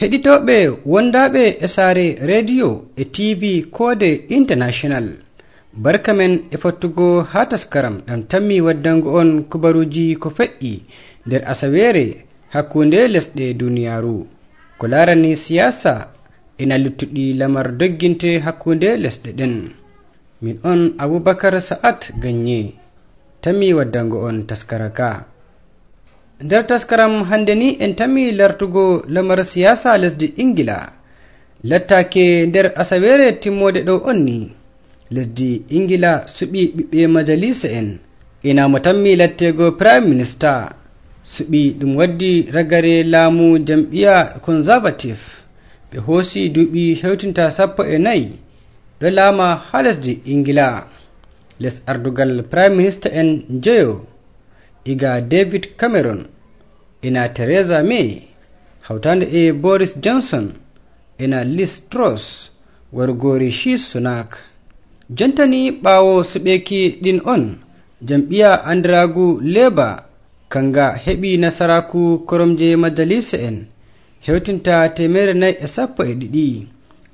heɗitoɓe wondaɓe e sare rediyo e tv kode international barka men e fottugo ha taskaram ɗam tammi waddango on kubaruji ko fe'i nder asawere hakkunde lesɗe duniyaru ko larani siyasa ena luttuɗi lamar dogginte hakkunde lesɗe ɗen min on aboubacar sa'at gagne tammi waddango on taskara ka nder taskaram hannde ni en tami lartugo lamar siyasa lesdi ingila lattake nder asaweere timmode ɗo on ni lesdi ingila suɓi ɓiɓɓe majalisa en ina mo tammi lattego prime minister suɓi ɗum waddi ragare laamu jam'iya conservative ɓe hoosi duuɓi hewtinta sappo e nayi ɗo laama haa lesdi ingila les ardugal prime minister en njeyo diga david cameron ena theresa may hawtande e boris johnson ena lis tros wargori shi sunak jontani ɓawo suɓeki ɗin on jam'iya andiragu leba kanga heɓi nasaraku koromje majalisa en hewtinta temere nayi e sappo e ɗiɗi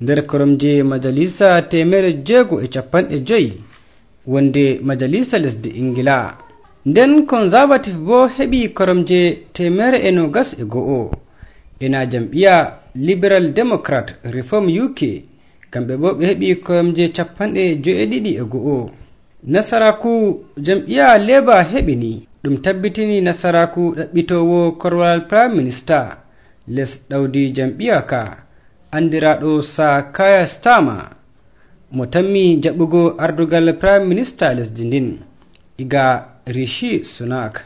nder koromje majalisa temere jeego e capanɗe joyi wonde majalisa lesdi ingila nden konservatif bo heɓi koromje temere e nogas e go'o ena jam'iya liberal democrat reform uk kamɓe bo ɓe heɓi koromje capanɗe jo'eɗiɗi e go'o nasaraku jam'iya leba heɓini ɗum tabbitini nasaraku ɗaɓɓitowo korwal prime minister les ɗawdi jam'iya ka andiraɗo sa kaya stama mo tammi jaɓugo ardugal prime minister lesdi ndin iga rishi sunak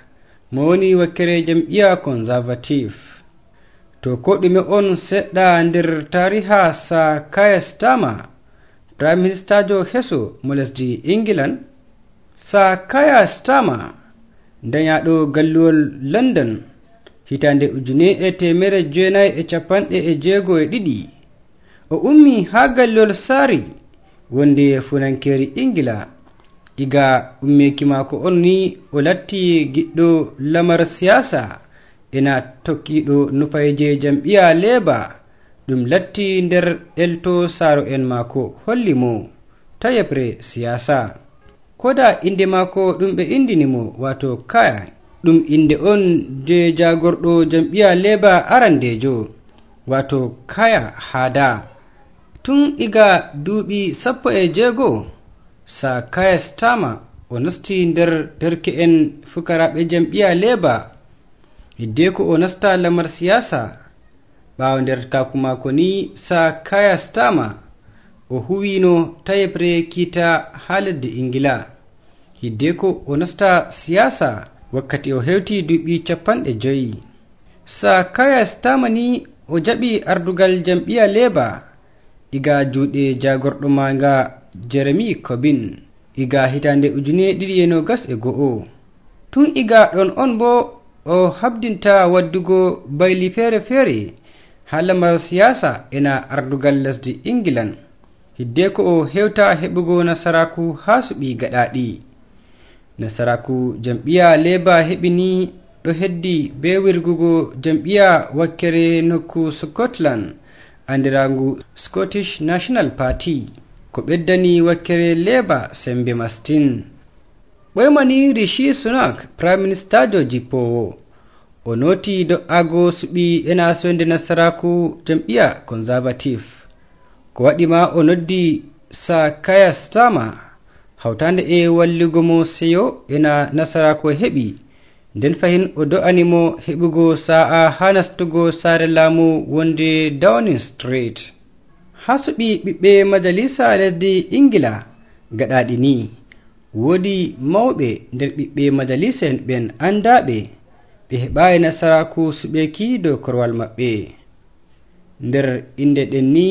mo woni wakkere jam'iya conservative to ko ɗume on seɗɗa nder tariha sa kayastama prime minister jo heso mo lesdi england sa kaya stama dayaɗo galluwol london hitande ujune e temere jenayi e capanɗe e jeego e ɗiɗi o ummi ha galluwol sari wonde funankeri england diga ummeki mako on ni o latti giɗɗo lamar siyasa ena tokkiɗo nufayje jam'iya leba ɗum latti nder elto saro en mako holli mo ta yebre siyasa koda inde mako ɗum ɓe indinimo wato kaya ɗum inde on je jagorɗo jam'iya leba arandejo wato kaya hada tun iga duuɓi sappo e jeego sakaya stama o nasti nder derke'en fukaraɓe jam'iya leba hidde ko o nasta lamar siyasa ɓawo nder kakumako ni sakaya stama o huwino tayebre kita ha leddi ingila hidde ko o nasta siyasa wakkati o hewti duɓi capanɗe joyi sakaya stama ni o jaɓi ardugal jam'iya leba diga juɗe jagorɗo maga jeremi cobin iga hitande ujune ɗiɗi e nogas e go'o tun iga ɗon on bo o habdinta waddugo bayli feere feere haa lamar siyasa ena ardugal lesdi inglan hidde ko o hewta heɓugo nasaraku haa suɓi gaɗaɗi nasaraku jamɓiya leba heɓini ɗo heddi be wirgugo jamɓiya wakkere nokku scotland andirangu scottish national party ko ɓeddani wakkere leba sembe mastin ɓoymani rishi sunak prime ministajo jippowo o noti do'ago suɓi ena soyde nasaraku jam'iya conservatif ko waɗima o noddi sa kaya stama hawtande e walligo mo seyo ena nasaraku heɓi nden fahin o do'animo heɓugo sa'a ha nastugo saare laamu wonde downing street haa suɓi ɓiɓɓe majalisa lesdi ingila gaɗaɗi ni woodi mawɓe nder ɓiɓɓe majalisa en ɓen anndaaɓe ɓe heɓaayi nasaraku suɓeki dow korowal maɓɓe nder innde ɗen ni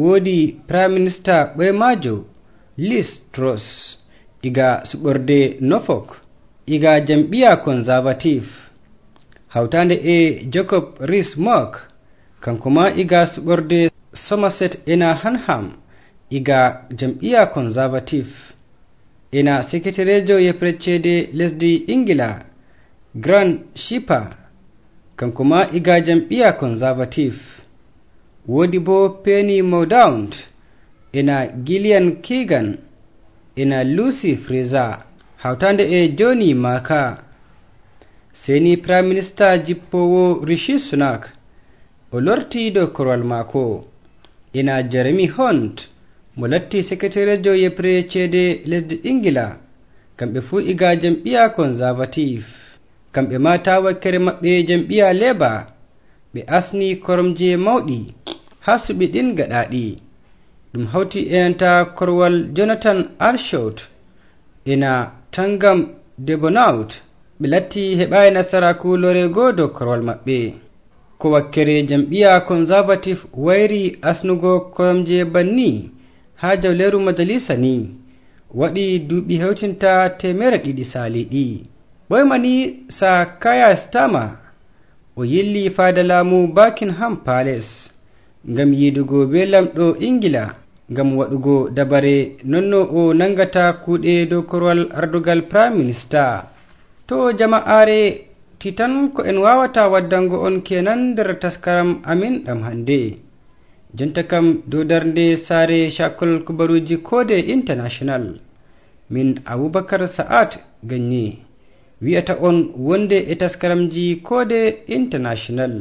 woodi prime minister ɓoymaajo lis tros iga suɓorde nofok iga jambiya conservative hawtaande e jacob ris mok kanko ma iga suɓorde somerset ena hanham iga jam'iya conservative ena seketerejo yepreccede lesdi ingila grand shipa kanko ma iga jam'iya conservative woodi bo penny mordaunt ena gillian keegan ena lucy fraser hawtande e joni maka seni prime minister jippowo rishi sunak o lorti korwal maako ina jeremy hunt mo latti secretarijo yepre ceede lesdi ingila kamɓe fuu iga jamɓiya conservative kamɓe mata wakkere maɓɓe jamɓiya leba ɓe asni koromje mawɗi haa suɓi ɗin gaɗaɗi ɗum hawti enanta korwal jonathan arshot ina tangam debonaut ɓe latti heɓayi nasaraku lorego do korwal maɓɓe ko wakkere jam'iya conservative wayri asnugo koromje banni ha jaw leru majalisa ni waɗi duuɓi hewtinta temere ɗiɗi saliɗi ɓoymani sa kaya stama o yilli fada laamu buckingham palace ngam yidugo be lamɗo ingila ngam waɗugo dabare nonno o nangata kuuɗe dow korwal ardugal prime minister to jama'aare ti tan ko en wawata waddango on kenan nder taskaram amin ɗam hande jonta kam dow darnde saare shakol kubaruji kode international min aboubacar sa'at ganye wi'ata on wonde e taskaramji kode international